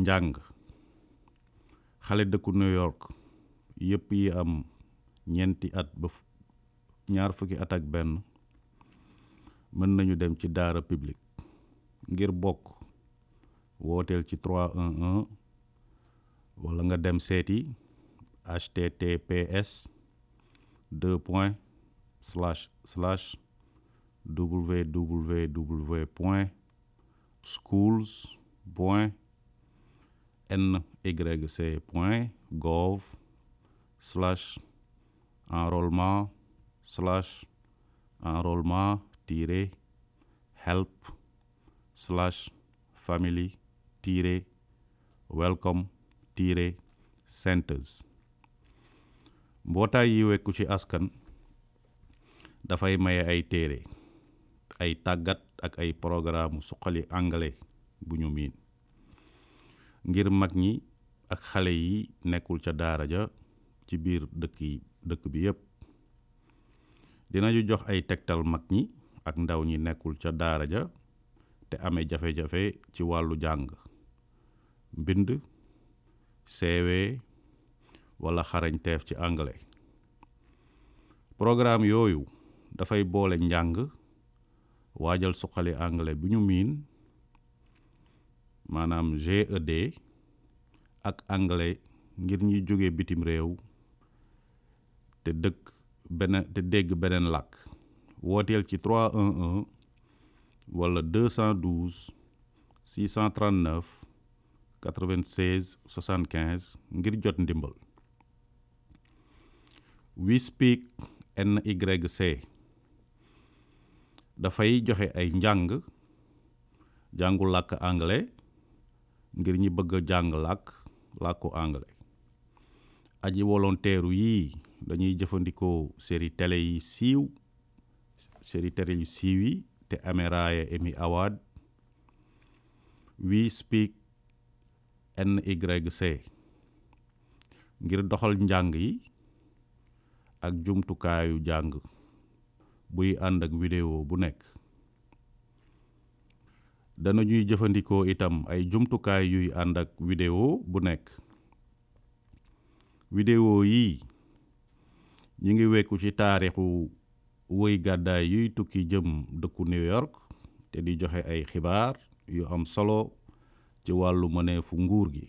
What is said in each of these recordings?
njàng xale dëkku New York yëpp yi am ñeenti at ba ñaar fukki at ak benn mën nañu dem ci daara public ngir bokk wooteel ci 311 wala nga dem seeti https deux point slash slash www point schools point nyc point gouv slash enrôlement slash enrôlement tiré help slash family tiré welcome tiré centers mbootaay yi wekku ci askan dafay maye ay téere ay tàggat ak ay programme suqali anglais bu miin ngir mag ñi ak xale yi nekkul ca daara ja ci biir dëkk yi dëkk bi yépp dinañu jox ay tegtal mag ñi ak ndaw ñi nekkul ca daara ja te ame jafe-jafe ci wàllu jàng mbind CV wala xarañteef ci anglais programme yooyu dafay boole njàng waajal suqali anglais bi ñu miin maanaam GED ak anglais ngir ñuy jóge bitim réew te dëkk beneen te dégg beneen làkk wooteel ci 311 wala 212 639 96 ngir jot ndimbal we speak NYC dafay joxe ay njàng jàngu làkk anglais ngir ñi bëgg a jàng làkk làkku anglais aji volontaire yii dañuy jëfandikoo série télé yi siiw série télé yu siiw yi te amee raaya Emmy Award We Speak NYC ngir doxal njàng yi ak jumtukaayu jàng buy ànd ak vidéo bu nekk dana danañuy jëfandikoo itam ay jumtukaay yuy ànd ak vidéo bu nekk vidéo yii ñu ngi wekku ci taarixu woy gàddaay yuy tukki jëm dëkku New York te di joxe ay xibaar yu am solo ci wàllu mëneefu nguur gi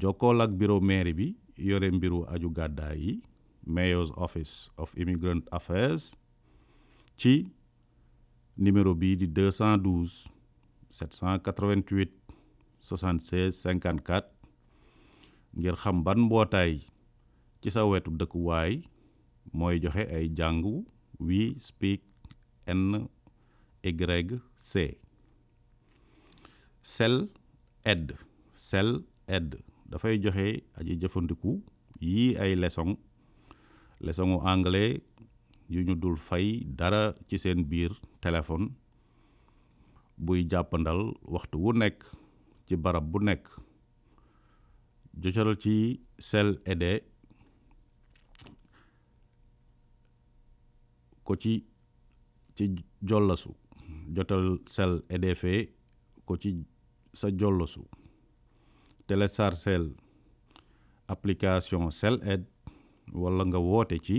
jokkool ak bureau mairie bi yore mbiru aju gàddaay yi Mayor's Office of Immigrant Affairs ci numéro bii di 212 788 76 54 ngir xam ban mbootaay ci sa wetu dëkkuwaay mooy joxe ay jàngu We Speak NYC Cell Aid sel Aid dafay joxe aji jëfandiku yii ay leçon leçonu anglais yu ñu dul fay dara ci seen biir téléphone buy jàppandal waxtu wu nekk ci barab bu nekk jocal ci sel ede ko ci ci jollasu jotal sel edf ko ci sa jollosu téléchargeel application sel ed wala nga woote ci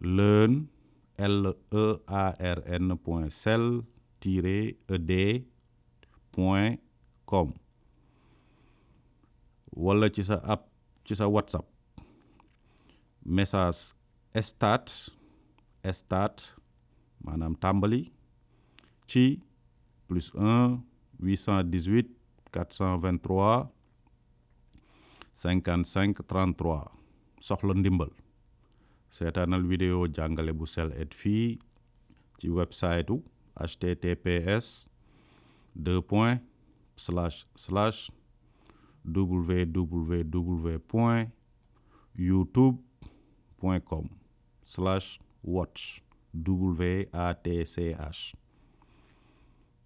learn l e point sel tiré ed point com wala ci sa ab ci sa whatsapp message start start maanaam tàmbali ci plus 1 818 423 55 33 soxla ndimbal seetaanal vidéo jàngale bu sell et fii ci website u https deux point slash slash www point youtube point com slash watch watch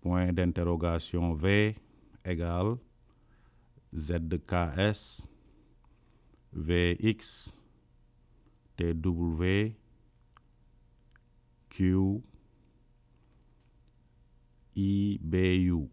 point d'interrogation v égale zks vx TW Q IBU